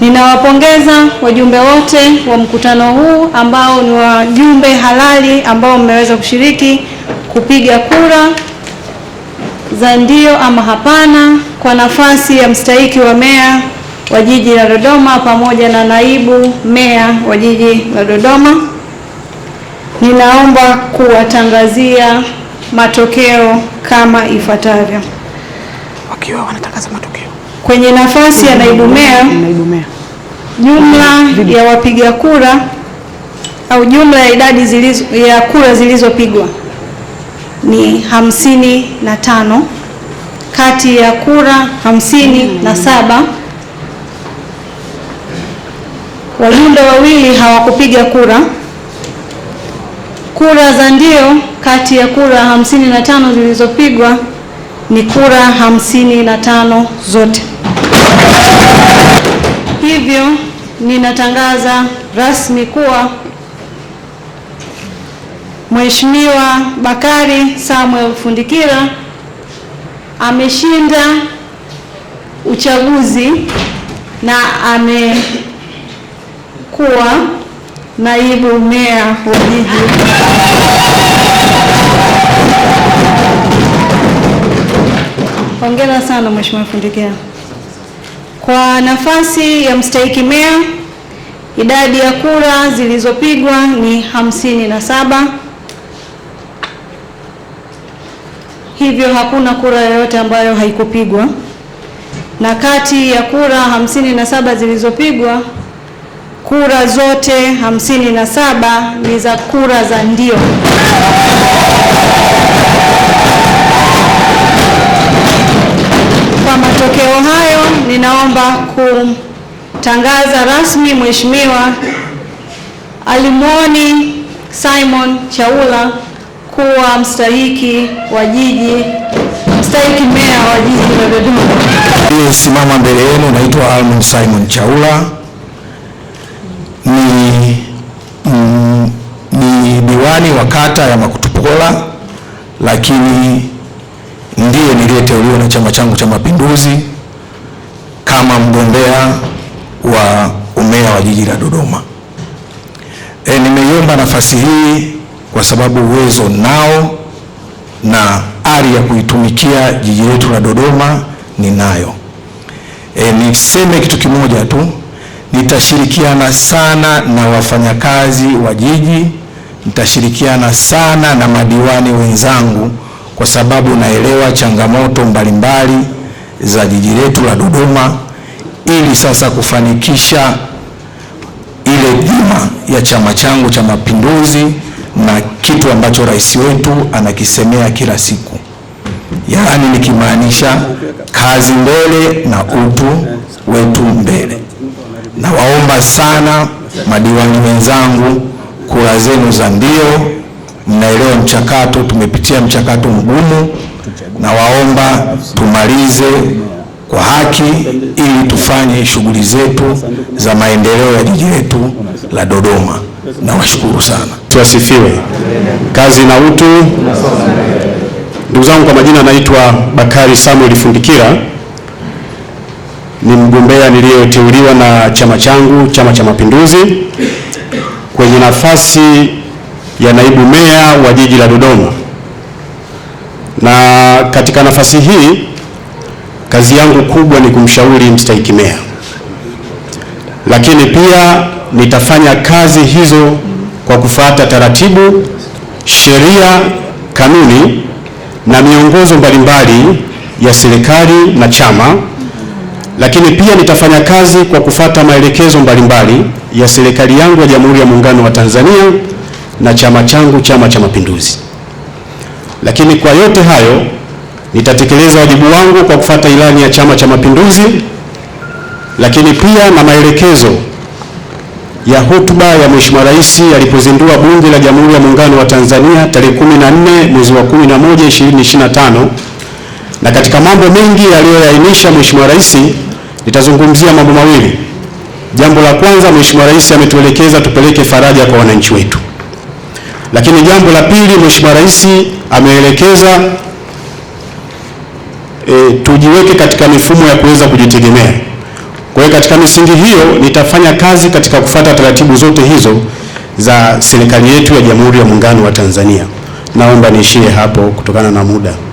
Ninawapongeza wajumbe wote wa mkutano huu ambao ni wajumbe halali ambao mmeweza kushiriki kupiga kura za ndio ama hapana kwa nafasi ya mstahiki wa meya wa jiji la Dodoma pamoja na naibu meya wa jiji la Dodoma. Ninaomba kuwatangazia matokeo kama ifuatavyo. Wakiwa wanatangaza matokeo kwenye nafasi ya naidumea jumla ya wapiga kura au jumla ya idadi zilizo, ya kura zilizopigwa ni hamsini na tano kati ya kura hamsini na saba wajumbe wawili hawakupiga kura. Kura za ndio kati ya kura hamsini na tano zilizopigwa ni kura hamsini na tano zote hivyo ninatangaza rasmi kuwa Mheshimiwa Bakari Samuel Fundikira ameshinda uchaguzi na amekuwa naibu meya wa jiji Hongera sana Mheshimiwa Fundikira. Kwa nafasi ya mstahiki meya idadi ya kura zilizopigwa ni hamsini na saba, hivyo hakuna kura yoyote ambayo haikupigwa, na kati ya kura hamsini na saba zilizopigwa kura zote hamsini na saba ni za kura za ndio. naomba kumtangaza rasmi Mheshimiwa Alimoni Simon Chaula kuwa mstahiki wa jiji mstahiki meya wa jiji la Dodoma. Nilisimama mbele yenu, naitwa Almon Simon Chaula ni, mm, ni diwani wa kata ya Makutupola, lakini ndiye niliyeteuliwa na chama changu cha Mapinduzi kama mgombea wa umea wa jiji la Dodoma. E, nimeiomba nafasi hii kwa sababu uwezo nao na ari ya kuitumikia jiji letu la Dodoma ninayo. E, niseme kitu kimoja tu, nitashirikiana sana na wafanyakazi wa jiji, nitashirikiana sana na madiwani wenzangu, kwa sababu naelewa changamoto mbalimbali mbali za jiji letu la Dodoma ili sasa kufanikisha ile dhima ya chama changu cha Mapinduzi na kitu ambacho rais wetu anakisemea kila siku, yaani nikimaanisha kazi mbele na utu wetu mbele. Nawaomba sana madiwani wenzangu, kura zenu za ndio. Mnaelewa mchakato, tumepitia mchakato mgumu. Nawaomba tumalize kwa haki ili tufanye shughuli zetu za maendeleo ya jiji letu la Dodoma. Nawashukuru sana, tuasifiwe. Kazi na utu. Ndugu zangu, kwa majina naitwa Bakari Samuel Fundikira, ni mgombea niliyoteuliwa na chama changu, Chama cha Mapinduzi, kwenye nafasi ya naibu meya wa jiji la Dodoma. Na katika nafasi hii kazi yangu kubwa ni kumshauri mstahiki meya, lakini pia nitafanya kazi hizo kwa kufuata taratibu, sheria, kanuni na miongozo mbalimbali ya serikali na chama, lakini pia nitafanya kazi kwa kufuata maelekezo mbalimbali ya serikali yangu ya Jamhuri ya Muungano wa Tanzania na chama changu, Chama cha Mapinduzi. Lakini kwa yote hayo nitatekeleza wajibu wangu kwa kufuata ilani ya Chama cha Mapinduzi, lakini pia na maelekezo ya hotuba ya Mheshimiwa Rais alipozindua Bunge la Jamhuri ya Muungano wa Tanzania tarehe 14 mwezi wa 11 2025, na katika mambo mengi aliyoyainisha Mheshimiwa Rais nitazungumzia mambo mawili. Jambo la kwanza, Mheshimiwa Rais ametuelekeza tupeleke faraja kwa wananchi wetu. Lakini jambo la pili, Mheshimiwa Rais ameelekeza e, tujiweke katika mifumo ya kuweza kujitegemea. Kwa hiyo katika misingi hiyo nitafanya kazi katika kufata taratibu zote hizo za serikali yetu ya Jamhuri ya Muungano wa Tanzania. Naomba niishie hapo kutokana na muda.